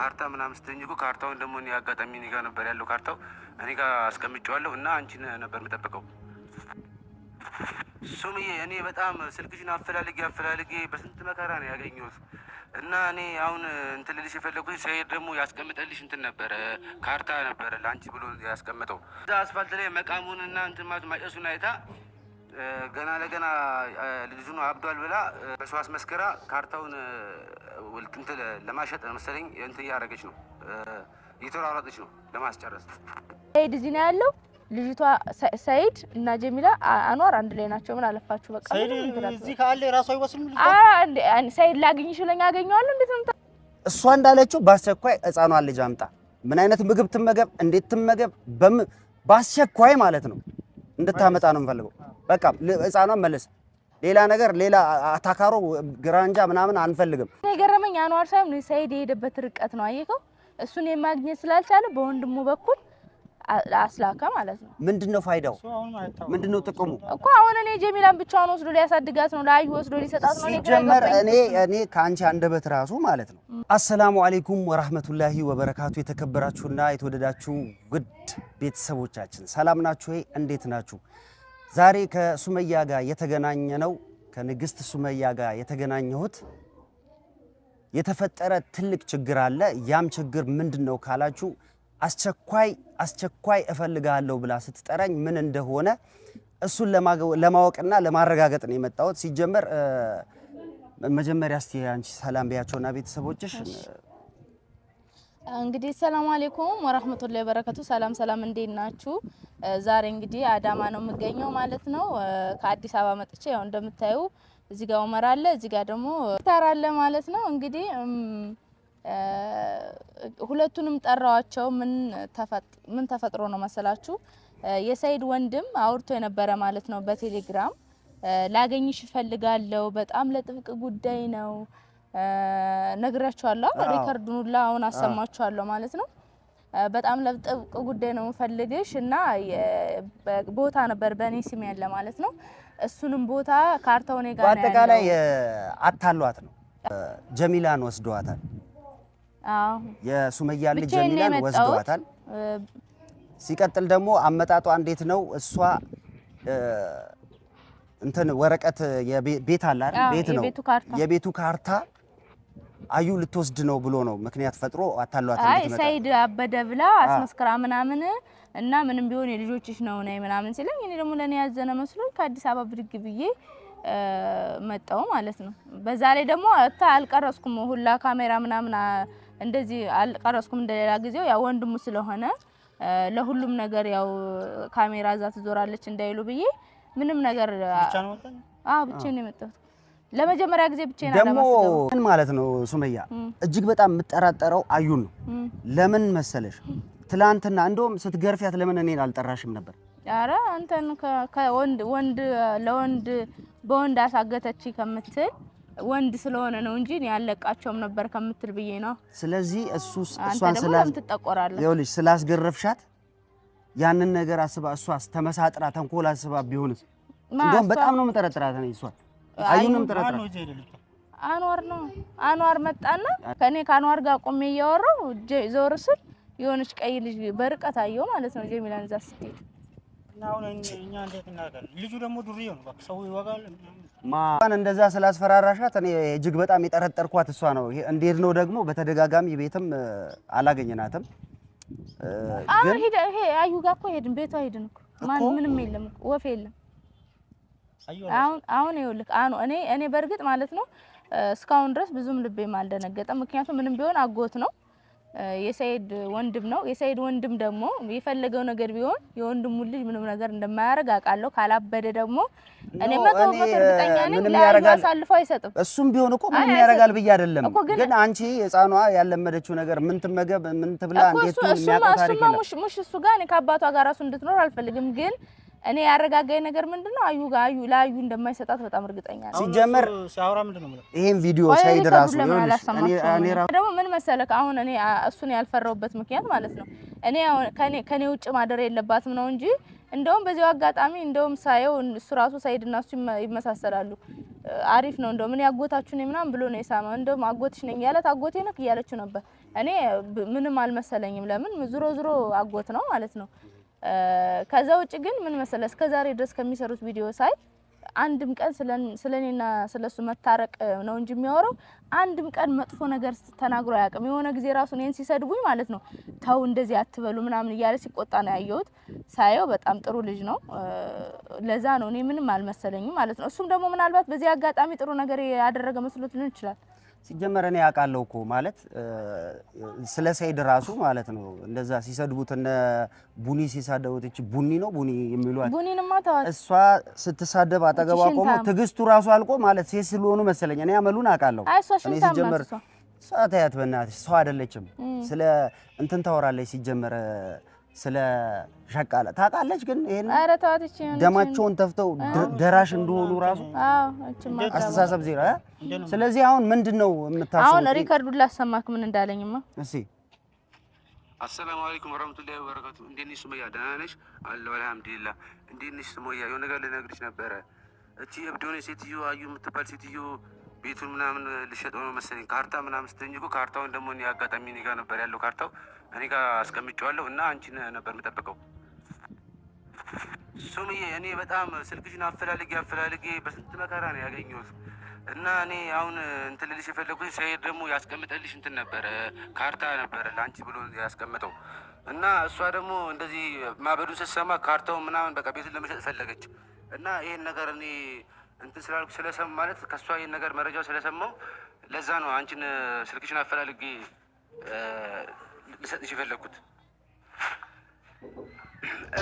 ካርታ ምናምን ስትኝ እኮ ካርታውን ደግሞ እኔ አጋጣሚ እኔ ጋር ነበር ያለው ካርታው እኔ ጋር አስቀምጨዋለሁ እና አንቺን ነበር የምጠብቀው። ሱምዬ እኔ በጣም ስልክሽን አፈላልጌ አፈላልጌ በስንት መከራ ነው ያገኘሁት እና እኔ አሁን እንትን ልልሽ የፈለኩኝ ሰሄድ ደግሞ ያስቀምጠልሽ እንትን ነበረ ካርታ ነበረ ለአንቺ ብሎ ያስቀምጠው እዛ አስፋልት ላይ መቃሙንና እንትን ማጨሱን አይታ ገና ለገና ልጁን አብዷል ብላ በሸዋስ መስከራ ካርታውን ውልቅምት ለማሸጥ መሰለኝ እንትን እያደረገች ነው፣ እየተሯሯጠች ነው ለማስጨረስ። ሰይድ እዚህ ነው ያለው። ልጅቷ ሰይድ እና ጀሚላ አኗር አንድ ላይ ናቸው። ምን አለፋችሁ በቃ እዚህ ካለ የራሱ አይወስልም። ሰይድ ላግኝ ለኝ አገኘዋለሁ። እንዴት ነው እሷ እንዳለችው በአስቸኳይ ህፃኗን ልጅ አምጣ፣ ምን አይነት ምግብ ትመገብ፣ እንዴት ትመገብ፣ በአስቸኳይ ማለት ነው እንድታመጣ ነው የምፈልገው። በቃ ህፃኗን መለስ። ሌላ ነገር ሌላ አታካሮ ግራንጃ ምናምን አንፈልግም። የገረመኝ አንዋር ሳይሆን ሰይድ የሄደበት ርቀት ነው። አየከው? እሱን የማግኘት ስላልቻለ በወንድሙ በኩል አስላከ ማለት ነው። ምንድነው ፋይዳው? ምንድነው ጥቅሙ? እኮ አሁን እኔ ጀሚላን ብቻዋን ወስዶ ሊያሳድጋት ነው፣ ለአዩ ወስዶ ሊሰጣት ነው። ሲጀመር እኔ እኔ ከአንቺ አንደበት ራሱ ማለት ነው። አሰላሙ አሌይኩም ወራህመቱላሂ ወበረካቱ። የተከበራችሁና የተወደዳችሁ ውድ ቤተሰቦቻችን ሰላም ናችሁ ወይ? እንዴት ናችሁ? ዛሬ ከሱመያ ጋር የተገናኘ ነው። ከንግስት ሱመያ ጋር የተገናኘሁት የተፈጠረ ትልቅ ችግር አለ። ያም ችግር ምንድን ነው ካላችሁ አስቸኳይ አስቸኳይ እፈልጋለሁ ብላ ስትጠራኝ ምን እንደሆነ እሱን ለማወቅና ለማረጋገጥ ነው የመጣሁት። ሲጀመር መጀመሪያ እስቲ አንቺ ሰላም ቢያቸውና ቤተሰቦችሽ እንግዲህ ሰላም አለይኩም ወራህመቱላሂ ወበረከቱ። ሰላም ሰላም፣ እንዴት ናችሁ? ዛሬ እንግዲህ አዳማ ነው የምገኘው ማለት ነው። ከአዲስ አበባ መጥቼ ያው እንደምታዩ እዚህ ጋር ኡመር አለ፣ እዚህ ጋር ደግሞ ኢፍጣር አለ ማለት ነው። እንግዲህ ሁለቱንም ጠራዋቸው። ምን ተፈጥሮ ነው መሰላችሁ? የሰይድ ወንድም አውርቶ የነበረ ማለት ነው በቴሌግራም ላገኝሽ እፈልጋለሁ፣ በጣም ለጥብቅ ጉዳይ ነው ነግራችኋለሁ። ሪከርዱን ሁላ አሁን አሰማችኋለሁ ማለት ነው። በጣም ለጥብቅ ጉዳይ ነው የምፈልግሽ እና ቦታ ነበር በእኔ ስም ያለ ማለት ነው። እሱንም ቦታ ካርታው እኔ ጋር ነው። በአጠቃላይ አታሏት ነው ጀሚላን ወስደዋታል። የሱመያ ልጅ ጀሚላን ወስደዋታል። ሲቀጥል ደግሞ አመጣጧ እንዴት ነው? እሷ እንትን ወረቀት የቤት አለ አይደል? ቤት ነው የቤቱ ካርታ አዩ ልትወስድ ነው ብሎ ነው ምክንያት ፈጥሮ አታሏት። አይ ሰይድ አበደ ብላ አስመስክራ ምናምን እና ምንም ቢሆን የልጆችሽ ነው ነይ ምናምን ሲለኝ እኔ ደግሞ ለኔ ያዘነ መስሎኝ ከአዲስ አበባ ብድግ ብዬ መጣው ማለት ነው። በዛ ላይ ደግሞ እታ አልቀረጽኩም ሁላ ካሜራ ምናምን እንደዚህ አልቀረጽኩም እንደሌላ ጊዜው ያው ወንድሙ ስለሆነ ለሁሉም ነገር ያው ካሜራ እዛ ትዞራለች እንዳይሉ ብዬ ምንም ነገር ብቻ ነው የመጣሁት። ለመጀመሪያ ጊዜ ብቻ ደግሞ ምን ማለት ነው ሱመያ፣ እጅግ በጣም የምጠራጠረው አዩን ነው። ለምን መሰለሽ ትላንትና እንደውም ስትገርፊያት ለምን እኔን አልጠራሽም ነበር? ኧረ አንተን ከወንድ ወንድ ለወንድ በወንድ አሳገተች ከምትል ወንድ ስለሆነ ነው እንጂ ያለቃቸውም ነበር ከምትል ብዬ ነው። ስለዚህ እሱ እሷን ስለምትጠቆራለህ ይኸውልሽ፣ ስላስገረፍሻት ያንን ነገር አስባ እሷስ ተመሳጥራ ተንኮል አስባ ቢሆንስ? እንደውም በጣም ነው የምጠረጥራት እሷን አዩንም ተረጥራ አንዋር ነው። አንዋር መጣና ከኔ ከአንዋር ጋር ቆሜ እያወራሁ ዞር ስል የሆነች ቀይ ልጅ በርቀት አየሁ ማለት ነው። ጀሚላን እዛ ስትሄድ ልጁ ደግሞ ዱርዬ ነው። ሰው ይወጋል። ማን እንደዛ ስላስፈራራሻት እኔ እጅግ በጣም የጠረጠርኳት እሷ ነው። እንዴት ነው ደግሞ በተደጋጋሚ ቤትም አላገኘናትም። አሁን ሄደ ይሄ አዩ ጋር እኮ ሄድን፣ ቤቷ ሄድን እኮ ማን ምንም የለም ወፍ የለም አሁን አሁን ይኸውልህ እኔ እኔ በእርግጥ ማለት ነው እስካሁን ድረስ ብዙም ልቤም አልደነገጠም። ምክንያቱም ምንም ቢሆን አጎት ነው የሰይድ ወንድም ነው። የሰይድ ወንድም ደግሞ የፈለገው ነገር ቢሆን የወንድሙ ልጅ ምንም ነገር እንደማያደርግ አውቃለሁ። ካላበደ ደግሞ እኔ መቶ መቶ እርግጠኛ ነኝ ለያዩ አሳልፎ አይሰጥም። እሱም ቢሆን እኮ ምንም ያደርጋል ብዬ አይደለም፣ ግን አንቺ ሕፃኗ ያለመደችው ነገር ምን ትመገብ ምን ትብላ እንዴት ነው የሚያውቀው ነው። እሱማ ሙሽ እሱ ጋር እኔ ከአባቷ ጋር ራሱ እንድትኖር አልፈልግም ግን እኔ ያረጋጋኝ ነገር ምንድነው አዩ ጋር አዩ ለአዩ እንደማይሰጣት በጣም እርግጠኛ ነኝ። ሲጀመር ሲያወራ ምንድነው ይሄን ቪዲዮ ሳይድ ራሱ ደግሞ ምን መሰለክ አሁን እኔ እሱን ያልፈራውበት ምክንያት ማለት ነው እኔ ከኔ ውጭ ማደር የለባትም ነው እንጂ እንደውም በዚያው አጋጣሚ እንደውም ሳየው እሱ ራሱ ሳይድ እና እሱ ይመሳሰላሉ። አሪፍ ነው እንደውም እኔ አጎታችሁ ነኝ ምናምን ብሎ ነው የሳመ። እንደውም አጎትሽ ነኝ ያለት አጎቴ ነክ እያለችው ነበር። እኔ ምንም አልመሰለኝም። ለምን ዙሮ ዙሮ አጎት ነው ማለት ነው ከዛ ውጭ ግን ምን መሰለ እስከ ዛሬ ድረስ ከሚሰሩት ቪዲዮ ሳይ አንድም ቀን ስለኔና ስለሱ መታረቅ ነው እንጂ የሚያወራው አንድም ቀን መጥፎ ነገር ተናግሮ አያውቅም። የሆነ ጊዜ ራሱ እኔን ሲሰድቡኝ ማለት ነው ተው እንደዚህ አትበሉ ምናምን እያለ ሲቆጣ ነው ያየሁት። ሳየው በጣም ጥሩ ልጅ ነው። ለዛ ነው እኔ ምንም አልመሰለኝም ማለት ነው። እሱም ደግሞ ምናልባት በዚህ አጋጣሚ ጥሩ ነገር ያደረገ መስሎት ሊሆን ይችላል። ሲጀመር እኔ ያውቃለሁ እኮ ማለት ስለ ሰይድ ራሱ ማለት ነው። እንደዛ ሲሰድቡት እነ ቡኒ ሲሳደቡት እቺ ቡኒ ነው ቡኒ የሚሏት ቡኒንማ ተዋት። እሷ ስትሳደብ አጠገቧ ቆሞ ትዕግስቱ ራሱ አልቆ ማለት ሴት ስለሆኑ መሰለኝ እኔ ያመሉን አውቃለሁ። እኔ ሲጀመር ሰዓት ያት በእናትሽ ሰው አይደለችም። ስለ እንትን ታወራለች ሲጀመር ስለ ሸቃላ ታውቃለች። ግን ይሄን ደማቸውን ተፍተው ደራሽ እንደሆኑ ራሱ አስተሳሰብ ዜሮ። ስለዚህ አሁን ምንድን ነው የምታስበው? አሁን ሪከርዱን ላሰማክ ምን እንዳለኝማ። እሺ። አሰላሙ አለይኩም ወራህመቱላሂ ወበረካቱ። እንዴት ነሽ ሱመያ? ደህና ነሽ? አለሁ አልሐምዱሊላህ። እንዴት ነሽ ሱመያ? የሆነ ነገር ልነግርሽ ነበረ። እቺ የብዶኔ ሴትዮ አዩ የምትባል ሴትዮ ቤቱን ምናምን ልሸጠው ነው መሰለኝ። ካርታ ምናምን ስትኝ እኮ ካርታውን ደግሞ እኔ አጋጣሚ እኔ ጋር ነበር ያለው ካርታው እኔ ጋር አስቀምጨዋለሁ እና አንቺን ነበር የምጠብቀው። ሱምዬ እኔ በጣም ስልክሽን አፈላልጌ አፈላልጌ በስንት መከራ ነው ያገኘሁት እና እኔ አሁን እንትን ልልሽ የፈለኩኝ ሰይድ ደግሞ ያስቀምጠልሽ እንትን ነበረ ካርታ ነበረ ለአንቺ ብሎ ያስቀምጠው እና እሷ ደግሞ እንደዚህ ማበዱን ስትሰማ ካርታውን ምናምን በቃ ቤቱን ለመሸጥ ፈለገች እና ይህን ነገር እኔ እንትን ስላልኩ ስለሰማ ማለት ከእሷ ይህን ነገር መረጃው ስለሰማው ለዛ ነው አንቺን ስልክሽን አፈላልጌ ልሰጥሽ የፈለግኩት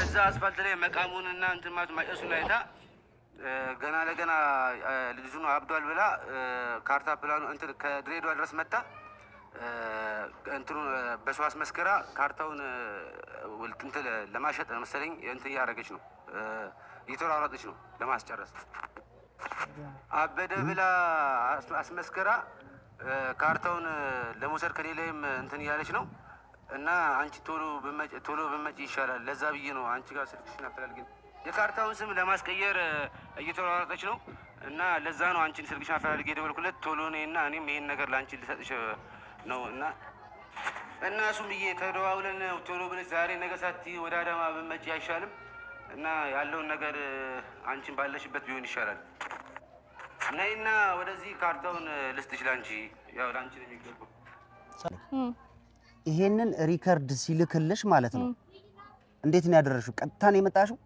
እዛ አስፋልት ላይ መቃሙንና እንትን ማለት ማጨሱን አይታ ገና ለገና ልጁ ነው አብዷል ብላ ካርታ ፕላኑ እንትን ከድሬዳዋ ድረስ መጣ እንትኑ በሰው አስመስክራ ካርታውን እንትን ለማሸጥ መሰለኝ እንትን እያደረገች ነው፣ እየተሯሯጠች ነው ለማስጨረስ። አበደ ብላ አስመስከራ ካርታውን ለመውሰድ ከሌላይም እንትን እያለች ነው። እና አንቺ ቶሎ ቶሎ ብመጪ ይሻላል። ለዛ ብዬ ነው አንቺ ጋር ስልክሽን አፈላልግን። የካርታውን ስም ለማስቀየር እየተሯሯጠች ነው እና ለዛ ነው አንቺን ስልክሽን አፈላልግ የደወልኩለት ቶሎ እኔ እና እኔም ይሄን ነገር ለአንቺ ልሰጥሽ ነው እና እና እሱም ብዬ ተደዋውለን ቶሎ ብለሽ ዛሬ ነገ ሳትይ ወደ አዳማ ብመጪ አይሻልም? እና ያለውን ነገር አንቺን ባለሽበት ቢሆን ይሻላል። ነይና ወደዚህ ካርታውን ልስጥሽ ላንቺ ያው ለአንቺ ነው የሚገባው ይሄንን ሪከርድ ሲልክልሽ ማለት ነው እንዴት ነው ያደረሽው? ቀጥታ ነው የመጣሽው?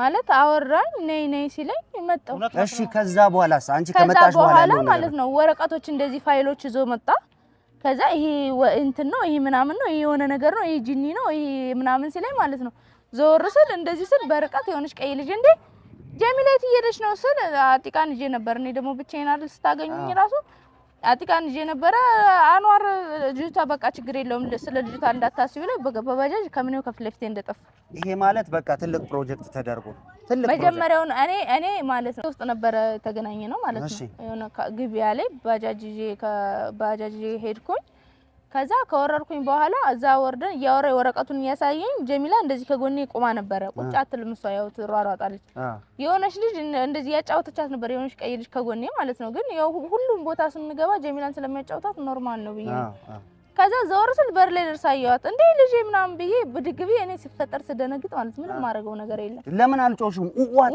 ማለት አወራኝ ነይ ነይ ሲለኝ መጣሁ። እሺ ከዛ በኋላ አንቺ ከመጣሽ በኋላ ማለት ነው ወረቀቶች እንደዚህ ፋይሎች ይዞ መጣ። ከዛ ይሄ እንትን ነው ይሄ ምናምን ነው ይሄ የሆነ ነገር ነው ይሄ ጂኒ ነው ይሄ ምናምን ሲለኝ ማለት ነው ዘወር ስል እንደዚህ ስል በርቀት የሆነች ቀይ ልጅ እንዴ ጀሚሌት እየሄደች ነው ስል አጢቃን ይዤ ነበር እኔ ደግሞ ብቻዬን አይደል ስታገኙኝ ራሱ አጥቃን ይዤ ነበረ አንዋር ልጅቷ በቃ ችግር የለውም ስለ ልጅቷ እንዳታስቢ ላይ በባጃጅ ከምኔው ከፊት ለፊቴ እንደጠፋ። ይሄ ማለት በቃ ትልቅ ፕሮጀክት ተደርጎ ትልቅ መጀመሪያውን እኔ እኔ ማለት ነው ውስጥ ነበረ ተገናኘ ነው ማለት ነው። የሆነ ግቢያ ላይ ባጃጅ ይዤ ከባጃጅ ይዤ ሄድኩኝ ከዛ ከወረድኩኝ በኋላ እዛ ወርደን እያወረ ወረቀቱን እያሳየኝ ጀሚላ እንደዚህ ከጎኔ ቁማ ነበረ። ቁጭ አትልም እሷ ያው ትሯሯጣለች። የሆነች ልጅ እንደዚህ ያጫወተቻት ነበር፣ የሆነች ቀይ ልጅ ከጎኔ ማለት ነው። ግን ያው ሁሉም ቦታ ስንገባ ጀሚላን ስለሚያጫውታት ኖርማል ነው ብዬ ከዛ ዘወር ስል በር ላይ ደርሳ አየኋት። እንዴ ልጅ ምናምን ብዬ ብድግ እኔ ሲፈጠር ስደነግጥ ማለት ምንም ማድረገው ነገር የለም። ለምን አልጮሽም?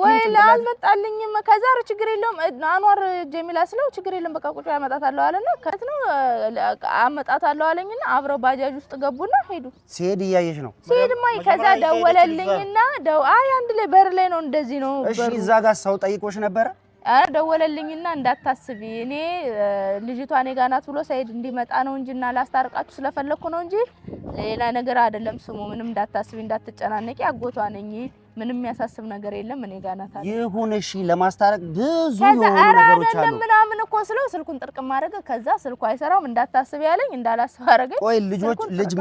ወይ አልመጣልኝም። ከዛ ኧረ ችግር የለውም አኗር ጀሚላ ስለው ችግር የለም በቃ ቁጭ አመጣታለሁ አለና ከት ነው አመጣታለሁ አለኝና አብረው ባጃጅ ውስጥ ገቡና ሄዱ። ሲሄድ እያየሽ ነው ሲሄድማ። ከዛ ደወለልኝና ደው አይ አንድ ላይ በር ላይ ነው እንደዚህ ነው። እሺ እዛ ጋር ሰው ጠይቆሽ ነበረ? አረ ደወለልኝና እንዳታስቢ እኔ ልጅቷ እኔ ጋር ናት ብሎ ሰይድ እንዲመጣ ነው እንጂና ላስታርቃችሁ ስለፈለኩ ነው እንጂ ሌላ ነገር አይደለም። ስሙ ምንም እንዳታስቢ እንዳትጨናነቂ፣ አጎቷ ነኝ። ምንም የሚያሳስብ ነገር የለም። እኔ ጋር ናት ይሁን እሺ። ለማስታረቅ ብዙ የሆኑ ነገሮች አሉ ምናምን እኮ ስለው ስልኩን ጥርቅ ማድረግ ከዛ ስልኩ አይሰራም እንዳታስብ ያለኝ እንዳላስብ አደረገኝ። ቆይ ልጆች ልጅ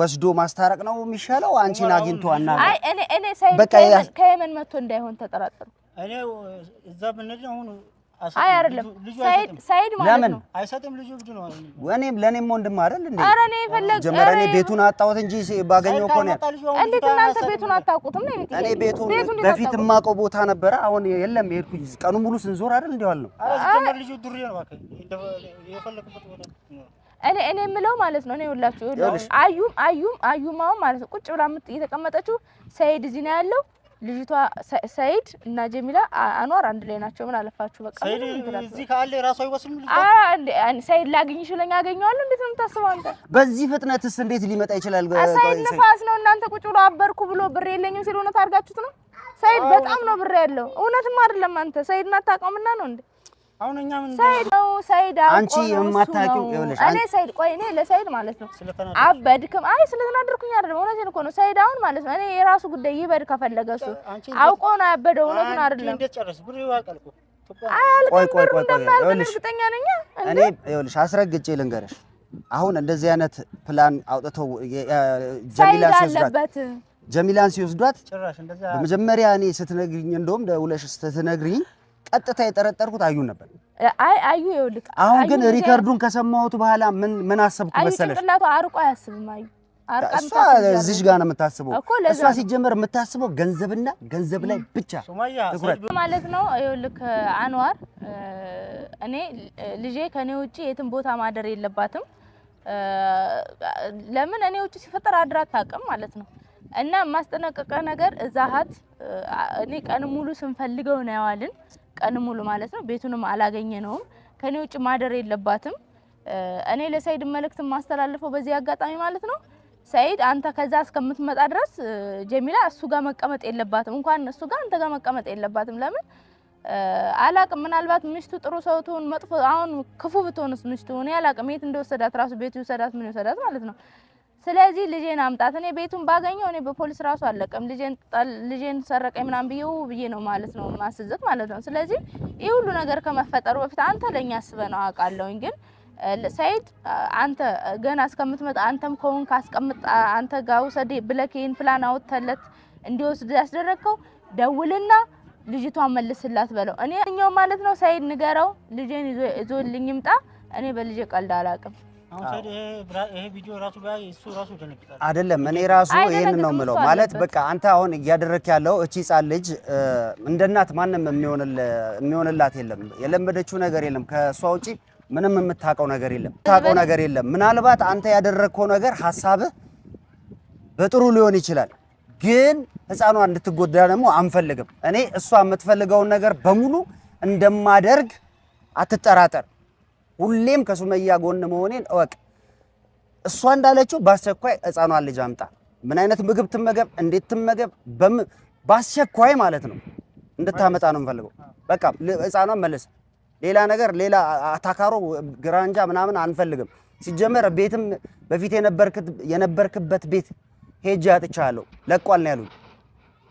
ወስዶ ማስታረቅ ነው የሚሻለው አንቺን አግኝቶ አናገር። አይ እኔ እኔ ሰይድ ከየመን መጥቶ እንዳይሆን ተጠራጠርኩ። እኔ እዛ ብንሄድ አሁን አይ አይደለም፣ ሰይድ ሰይድ ማለት ነው። አይሰጥም ልጁ እብድ ነው። እኔም ለእኔም ወንድም አይደል እንዴ? ኧረ እኔ ፈለግ ጀመረ እኔ ቤቱን አጣሁት እንጂ ባገኘው እኮ ነው። እንዴት እናንተ ቤቱን አታውቁትም ነው? እኔ ቤቱን በፊት የማውቀው ቦታ ነበረ፣ አሁን የለም። የሄድኩኝ ቀኑ ሙሉ ስንዞር አይደል እንዴ? ዋል ነው። ኧረ ልጁ ዱሬ ነው። እባክህ የፈለግበት ቦታ እኔ እኔ የምለው ማለት ነው። እኔ ሁላችሁ አዩም አዩም አዩም አሁን ማለት ነው ቁጭ ብላ እየተቀመጠችው ሰይድ እዚህ ነው ያለው ልጅቷ ሰይድ እና ጀሚላ አኗር አንድ ላይ ናቸው። ምን አለፋችሁ በቃ ሰይድ እዚህ ካለ ራሱ አይወስንም። ሰይድ ላግኝ ይችለኝ ያገኘዋል። እንዴት ነው የምታስበው አንተ? በዚህ ፍጥነትስ እንዴት ሊመጣ ይችላል? ሰይድ ንፋስ ነው። እናንተ ቁጭ ብሎ አበርኩ ብሎ ብር የለኝም ሲል እውነት አድርጋችሁት ነው? ሰይድ በጣም ነው ብር ያለው። እውነትም አይደለም አንተ ሰይድን አታውቀውምና ነው እንዴ አሁን እኛ ምን ሰይድ ነው ሰይድ አንቺ የማታውቂው ይኸውልሽ፣ እኔ ሰይድ ቆይ፣ እኔ ለሰይድ ማለት ነው አበድክም። አይ ስለተናደርኩኝ አይደለም፣ እውነቴን እኮ ነው። ሰይድ አሁን ማለት ነው እኔ የራሱ ጉዳይ ይበድ ከፈለገ እሱ አውቆ ነው ያበደው። እውነቱን አይደለም። እርግጠኛ ነኝ እኔ። ይኸውልሽ አስረግጬ ልንገርሽ፣ አሁን እንደዚህ አይነት ፕላን አውጥተው ጀሚላን ሲወስዷት ጀሚላን ሲወስዷት በመጀመሪያ እኔ ስትነግሪኝ እንደውም ደውለሽ ስትነግሪኝ ቀጥታ የጠረጠርኩት አዩን ነበር። አይ አዩ ይኸውልህ፣ አሁን ግን ሪከርዱን ከሰማሁት በኋላ ምን ምን አሰብኩ መሰለሽ? ጭንቅላቱ አርቆ አያስብም። አዩ እሷ እዚህ ጋር ነው የምታስበው። እሷ ሲጀመር የምታስበው ገንዘብና ገንዘብ ላይ ብቻ ትኩረት ማለት ነው። ይኸውልህ አንዋር፣ እኔ ልጄ ከኔ ውጭ የትም ቦታ ማደር የለባትም። ለምን እኔ ውጭ ሲፈጠር አድራ አታውቅም ማለት ነው። እና የማስጠነቀቀ ነገር እዛ ሀት እኔ ቀን ሙሉ ስንፈልገው ነው ያዋልን ቀን ሙሉ ማለት ነው። ቤቱንም አላገኘ ነውም ከኔ ውጭ ማደር የለባትም። እኔ ለሰይድ መልእክት ማስተላልፈው በዚህ አጋጣሚ ማለት ነው ሰይድ አንተ ከዛ እስከምትመጣ ድረስ ጀሚላ እሱ ጋር መቀመጥ የለባትም። እንኳን እሱ ጋር አንተ ጋር መቀመጥ የለባትም። ለምን አላቅም። ምናልባት ምሽቱ ጥሩ ሰው ትሁን መጥፎ፣ አሁን ክፉ ብትሆንስ ምሽቱ እኔ አላቅም። የት እንደወሰዳት ራሱ ቤት ይውሰዳት ምን ይውሰዳት ማለት ነው ስለዚህ ልጄን አምጣት። እኔ ቤቱን ባገኘው እኔ በፖሊስ ራሱ አለቀም። ልጄን ጣል ልጄን ሰረቀኝ ምናምን ብዬው ብዬ ነው ማለት ነው ማስዘት ማለት ነው። ስለዚህ ይህ ሁሉ ነገር ከመፈጠሩ በፊት አንተ ለኛ አስበ ነው አውቃለሁኝ። ግን ሰይድ አንተ ገና እስከምትመጣ አንተም ከሆንክ ካስቀምጥ አንተ ጋር ውሰድ ብለህ ፕላን አውጥተለት እንዲወስድ ያስደረግከው ደውልና ልጅቷን መልስላት በለው። እኔ ኛው ማለት ነው ሰይድ ንገረው፣ ልጄን ይዞልኝ ይምጣ። እኔ በልጄ ቀልድ አላውቅም። አይደለም እኔ ራሱ ይሄን ነው የምለው። ማለት በቃ አንተ አሁን እያደረክ ያለው እቺ ህፃን ልጅ እንደ እናት ማንም የሚሆንላት የለም። የለመደችው ነገር የለም ከእሷ ውጪ ምንም የምታውቀው ነገር የለም። ታውቀው ነገር የለም። ምናልባት አንተ ያደረግከው ነገር ሀሳብህ በጥሩ ሊሆን ይችላል፣ ግን ህፃኗ እንድትጎዳ ደግሞ አንፈልግም። እኔ እሷ የምትፈልገውን ነገር በሙሉ እንደማደርግ አትጠራጠር። ሁሌም ከሱመያ ጎን መሆኔን እወቅ። እሷ እንዳለችው በአስቸኳይ ሕፃኗን ልጅ አምጣ፣ ምን አይነት ምግብ ትመገብ፣ እንዴት ትመገብ፣ በአስቸኳይ ማለት ነው እንድታመጣ ነው የምፈልገው። በቃ ሕፃኗን መልስ። ሌላ ነገር ሌላ አታካሮ ግራንጃ ምናምን አንፈልግም። ሲጀመር ቤትም በፊት የነበርክበት ቤት ሄጄ አጥቻለሁ፣ ለቋል ነው ያሉኝ።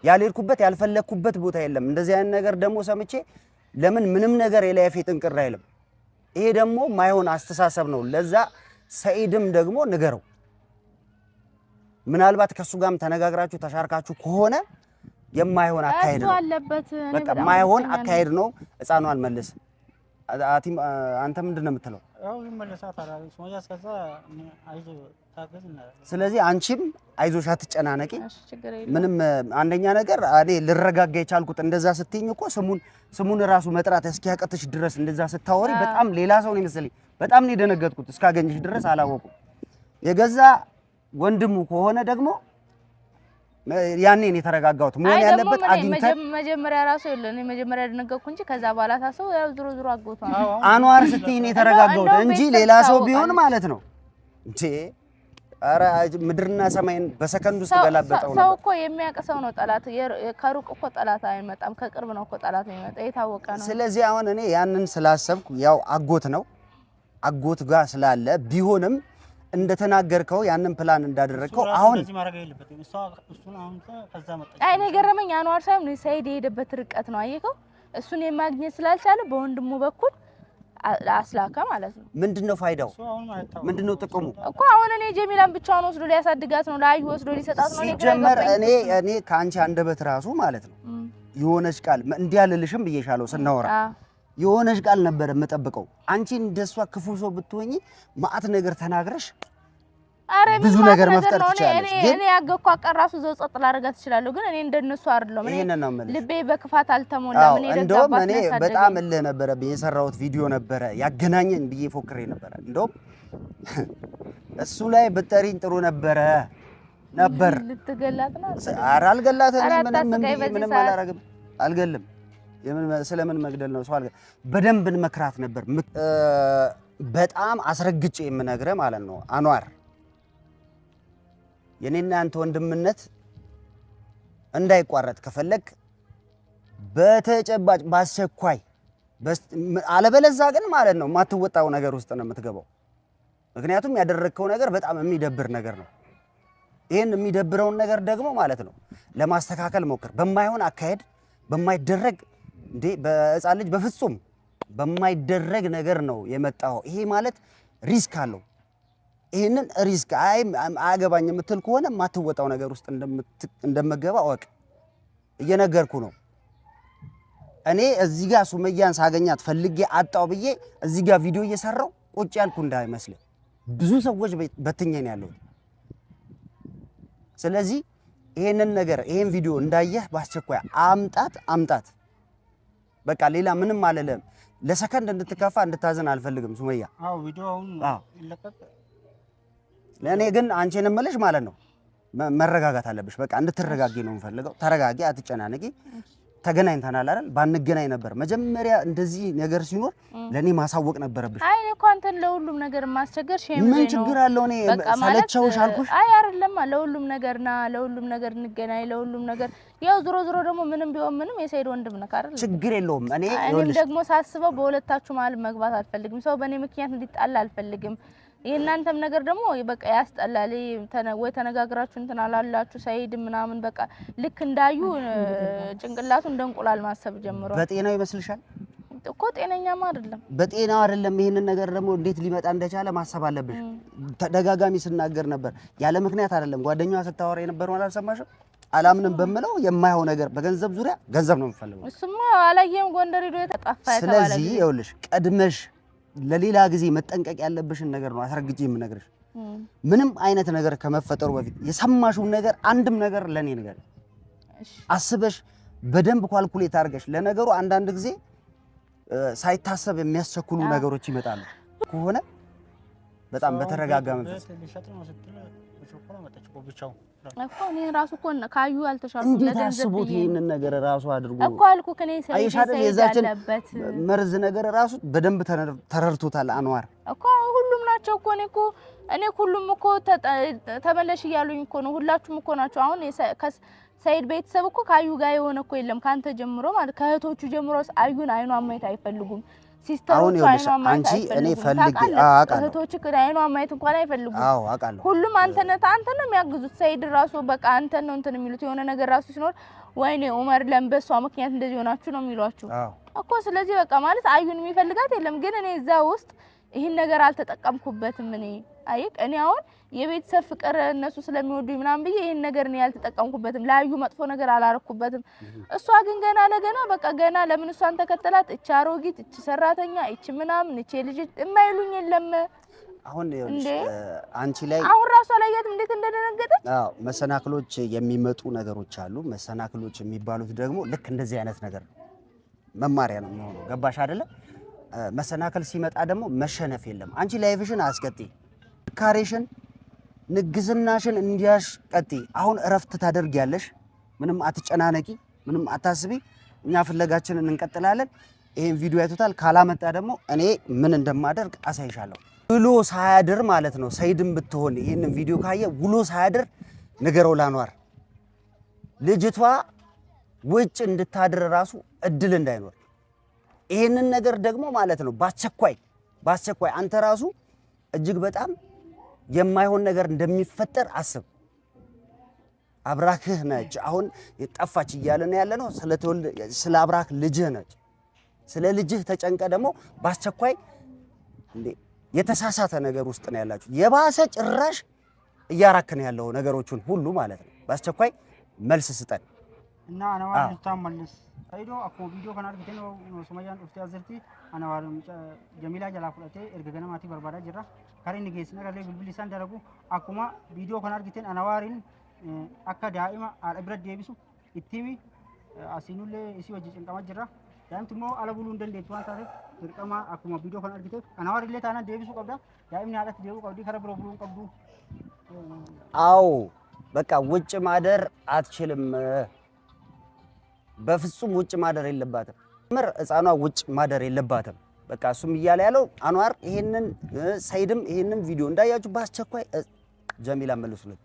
ያልሄድኩበት ያልፈለግኩበት ቦታ የለም። እንደዚህ አይነት ነገር ደግሞ ሰምቼ ለምን ምንም ነገር የላይፌ ጥንቅር አይልም። ይሄ ደግሞ ማይሆን አስተሳሰብ ነው። ለዛ ሰኢድም ደግሞ ንገረው። ምናልባት ከሱ ጋርም ተነጋግራችሁ ተሻርካችሁ ከሆነ የማይሆን አካሄድ ነው። በቃ ማይሆን አካሄድ ነው። ህፃኗን መልስ። አንተ ምንድን ነው የምትለው? ስለዚህ አንቺም አይዞሽ አትጨናነቂ። ምንም አንደኛ ነገር እኔ ልረጋጋ የቻልኩት እንደዛ ስትይኝ እኮ ስሙን ስሙን ራሱ መጥራት እስኪያቀትሽ ድረስ እንደዛ ስታወሪ በጣም ሌላ ሰው ነው ይመስለኝ። በጣም ነው የደነገጥኩት። እስካገኝሽ ድረስ አላወቁም። የገዛ ወንድሙ ከሆነ ደግሞ ያኔ ነው የተረጋጋሁት። መሆን ያለበት አግኝተን መጀመሪያ ራሱ የለም ነው መጀመሪያ ደነገኩ እንጂ ከዛ በኋላ ታሰው ያው ዝሮ ዝሮ አጎቷ ነው አንዋር ስትይ ነው የተረጋጋሁት እንጂ ሌላ ሰው ቢሆን ማለት ነው እንዴ! ኧረ ምድርና ሰማይን በሰከንድ ውስጥ ገላበጠው ነው። ሰው እኮ የሚያውቅ ሰው ነው ጠላት። ከሩቅ እኮ ጠላት አይመጣም፣ ከቅርብ ነው እኮ ጠላት የሚመጣ የታወቀ ነው። ስለዚህ አሁን እኔ ያንን ስላሰብኩ ያው አጎት ነው አጎት ጋር ስላለ ቢሆንም እንደተናገርከው ያንን ፕላን እንዳደረግከው አሁን አይ እኔ ገረመኝ። አንዋር ሳይሆን ሰይድ የሄደበት ርቀት ነው አየከው። እሱን የማግኘት ስላልቻለ በወንድሙ በኩል አስላከ ማለት ነው። ምንድነው ፋይዳው? ምንድነው ጥቅሙ? እኮ አሁን እኔ ጀሚላን ብቻዋን ወስዶ ሊያሳድጋት ነው፣ ላይ ወስዶ ሊሰጣት ነው። ሲጀመር እኔ እኔ ከአንቺ አንደበት ራሱ ማለት ነው የሆነች ቃል እንዲያልልሽም ብዬሻለሁ ስናወራ የሆነሽ ቃል ነበር የምጠብቀው። አንቺ እንደሷ ክፉ ሰው ብትሆኚ ማአት ነገር ተናግረሽ ብዙ ነገር መፍጠር ትችላለች። እኔ ያገኳ ቀን እራሱ ዘው ጸጥ ላደርጋት ትችላለሁ፣ ግን እኔ እንደነሱ አይደለሁም። እኔ ልቤ በክፋት አልተሞላም። እኔ እንደውም እኔ በጣም እልህ ነበረብኝ። የሰራሁት ቪዲዮ ነበረ ያገናኘን ብዬ ፎክሬ ነበረ። እንደውም እሱ ላይ ብጠሪኝ ጥሩ ነበረ ነበር። ልትገላት ነው? ኧረ አልገላትም። ምንም ምንም አላደርግም። አልገልም ስለምን መግደል ነው ሰው በደንብ እንመክራት ነበር። በጣም አስረግጬ የምነግረ ማለት ነው አኗር የኔና አንተ ወንድምነት እንዳይቋረጥ ከፈለግ በተጨባጭ በአስቸኳይ አለበለዛ ግን ማለት ነው የማትወጣው ነገር ውስጥ ነው የምትገባው። ምክንያቱም ያደረግከው ነገር በጣም የሚደብር ነገር ነው። ይህን የሚደብረውን ነገር ደግሞ ማለት ነው ለማስተካከል ሞክር። በማይሆን አካሄድ በማይደረግ እንዴ በህፃን ልጅ በፍጹም በማይደረግ ነገር ነው የመጣው። ይሄ ማለት ሪስክ አለው። ይህንን ሪስክ አይ አያገባኝ የምትል ከሆነ የማትወጣው ነገር ውስጥ እንደምገባ አወቅ። እየነገርኩ ነው። እኔ እዚህ ጋር ሱመያን ሳገኛት ፈልጌ አጣው ብዬ እዚህ ጋር ቪዲዮ እየሰራው ቁጭ ያልኩ እንዳይመስል ብዙ ሰዎች በትኘን ያለው። ስለዚህ ይሄንን ነገር ይሄን ቪዲዮ እንዳየህ በአስቸኳይ አምጣት አምጣት በቃ ሌላ ምንም አለለም ለሰከንድ እንድትከፋ እንድታዘን አልፈልግም ሱመያ። አዎ ለእኔ ግን አንቺን እምልሽ ማለት ነው መረጋጋት አለብሽ። በቃ እንድትረጋጊ ነው የምፈልገው። ተረጋጊ፣ አትጨናነቂ። ተገናኝተናል አይደል? ባንገናኝ ነበር። መጀመሪያ እንደዚህ ነገር ሲኖር ለእኔ ማሳወቅ ነበረብሽ። አይ እኮ አንተን ለሁሉም ነገር ማስቸገር ሼም ምን ችግር አለው? እኔ ሰለቸውሽ አልኩሽ። አይ አይደለም፣ ለሁሉም ነገርና ለሁሉም ነገር እንገናኝ፣ ለሁሉም ነገር ያው ዞሮ ዞሮ ደግሞ ምንም ቢሆን ምንም የሰይድ ወንድም ነህ አይደል? ችግር የለውም። እኔ እኔም ደግሞ ሳስበው በሁለታችሁ መሀል መግባት አልፈልግም። ሰው በእኔ ምክንያት እንዲጣላ አልፈልግም። የእናንተም ነገር ደግሞ በቃ ያስጠላል። ወይ ተነጋግራችሁ እንትን አላላችሁ ሳይድ ምናምን በቃ ልክ እንዳዩ ጭንቅላቱ እንደ እንቁላል ማሰብ ጀምሯል። በጤናው ይመስልሻል እኮ ጤነኛም አይደለም፣ በጤናው አይደለም። ይህንን ነገር ደግሞ እንዴት ሊመጣ እንደቻለ ማሰብ አለብሽ። ተደጋጋሚ ስናገር ነበር፣ ያለ ምክንያት አይደለም። ጓደኛዋ ስታወራ የነበረው አላልሰማሽም? አላምንም በምለው የማየው ነገር በገንዘብ ዙሪያ ገንዘብ ነው የምፈልገው። እሱማ አላየም። ጎንደር ሄዶ የተጣፋ ስለዚህ ይኸውልሽ ቀድመሽ ለሌላ ጊዜ መጠንቀቅ ያለብሽን ነገር ነው አስረግጬ የምነግርሽ። ምንም አይነት ነገር ከመፈጠሩ በፊት የሰማሽውን ነገር አንድም ነገር ለእኔ ነገር አስበሽ በደንብ ኳልኩሌት አድርገሽ። ለነገሩ አንዳንድ ጊዜ ሳይታሰብ የሚያስቸኩሉ ነገሮች ይመጣሉ ከሆነ በጣም በተረጋጋ መንፈስ እኮ እኔ ራሱ እኮ ካዩ አልተሻልኩም። እንዴት አስቦት ይሄንን ነገር ራሱ አድርጎ እኮ አልኩህ። እኔ መርዝ ነገር ራሱ በደንብ ተረድቶታል አንዋር እኮ ሁሉም ናቸው እኮ እኔ እኮ እኔ ሁሉም እኮ ተመለሽ እያሉኝ እኮ ነው። ሁላችሁም እኮ ናቸው። አሁን ሰይድ ቤተሰብ እኮ ካዩ ጋር የሆነ እኮ የለም። ካንተ ጀምሮ ማለት ከእህቶቹ ጀምሮ አዩን አይኗ ማየት አይፈልጉም። አሁን ይኸውልሽ አንቺ እኔ ፈልጌ አውቃለሁ ማየት እንኳን አይፈልጉም። አዎ አውቃለሁ። ሁሉም አንተን አንተን ነው የሚያግዙት። ሰይድ ራሱ በቃ አንተን ነው እንትን የሚሉት የሆነ ነገር ራሱ ሲኖር ወይኔ ኡመር ለምበሷ ምክንያት እንደዚህ ሆናችሁ ነው የሚሏችሁ እኮ። ስለዚህ በቃ ማለት አዩን የሚፈልጋት የለም። ግን እኔ እዛ ውስጥ ይህን ነገር አልተጠቀምኩበትም እኔ አይቅ እኔ አሁን የቤተሰብ ፍቅር እነሱ ስለሚወዱኝ ምናምን ብዬ ይሄን ነገር እኔ ያልተጠቀምኩበትም፣ ላዩ መጥፎ ነገር አላረኩበትም። እሷ ግን ገና ለገና በቃ ገና ለምን እሷን ተከተላት? እቺ አሮጊት፣ እች ሰራተኛ፣ እቺ ምናምን፣ እቺ ልጅ የማይሉኝ የለም። አሁን አንቺ ላይ አሁን ራሷ ላይ ያት እንዴት እንደደነገጠች። አዎ መሰናክሎች የሚመጡ ነገሮች አሉ። መሰናክሎች የሚባሉት ደግሞ ልክ እንደዚህ አይነት ነገር ነው፣ መማሪያ ነው የሚሆነው። ገባሽ አይደለም? መሰናክል ሲመጣ ደግሞ መሸነፍ የለም። አንቺ ላይፍሽን አስቀጥይ። ጥንካሬሽን፣ ንግስናሽን እንዲያሽ ቀጢ። አሁን እረፍት ታደርጊያለሽ። ምንም አትጨናነቂ፣ ምንም አታስቢ። እኛ ፍለጋችንን እንቀጥላለን። ይሄን ቪዲዮ አይቶታል ካላመጣ ደግሞ እኔ ምን እንደማደርግ አሳይሻለሁ። ውሎ ሳያድር ማለት ነው። ሰይድም ብትሆን ይህንን ቪዲዮ ካየ ውሎ ሳያድር ንገረው ላኗር ልጅቷ ውጭ እንድታድር ራሱ እድል እንዳይኖር ይህንን ነገር ደግሞ ማለት ነው በአስቸኳይ በአስቸኳይ አንተ ራሱ እጅግ በጣም የማይሆን ነገር እንደሚፈጠር አስብ። አብራክህ ነች። አሁን ጠፋች እያለን ያለ ነው። ስለ አብራክ ልጅህ ነች። ስለ ልጅህ ተጨንቀ ደግሞ በአስቸኳይ የተሳሳተ ነገር ውስጥ ነው ያላችሁ። የባሰ ጭራሽ እያራክን ያለው ነገሮችን ሁሉ ማለት ነው። በአስቸኳይ መልስ ስጠን እና aku Idoo akkuma viidiyoo kana argite Sumayyaan dhuftee as jirti. Ana Jamiilaa jalaa fudhatee erga ganamaatii barbaadaa jirra. Kareen ni geessina gallee bilbilli aku ma video kanar kita argiten warin akka daa'ima haadha bira deebisu itti isi Asiinullee isii wajji cinqamaa jirra. Daa'imti immoo ala buluu hin dandeettu waan taateef dirqama akkuma viidiyoo kana argiteef Anawaarillee taanaan deebisuu qabda. Daa'imni haadhatti deebuu qabdi karaa biroo buluu hin qabdu. Awo በቃ ውጭ ማደር አትችልም። በፍጹም ውጭ ማደር የለባትም። ምር ህፃኗ ውጭ ማደር የለባትም። በቃ እሱም እያለ ያለው አንዋር ይሄንን ሰይድም ይሄንን ቪዲዮ እንዳያችሁ በአስቸኳይ ጀሚላ መልሱለት።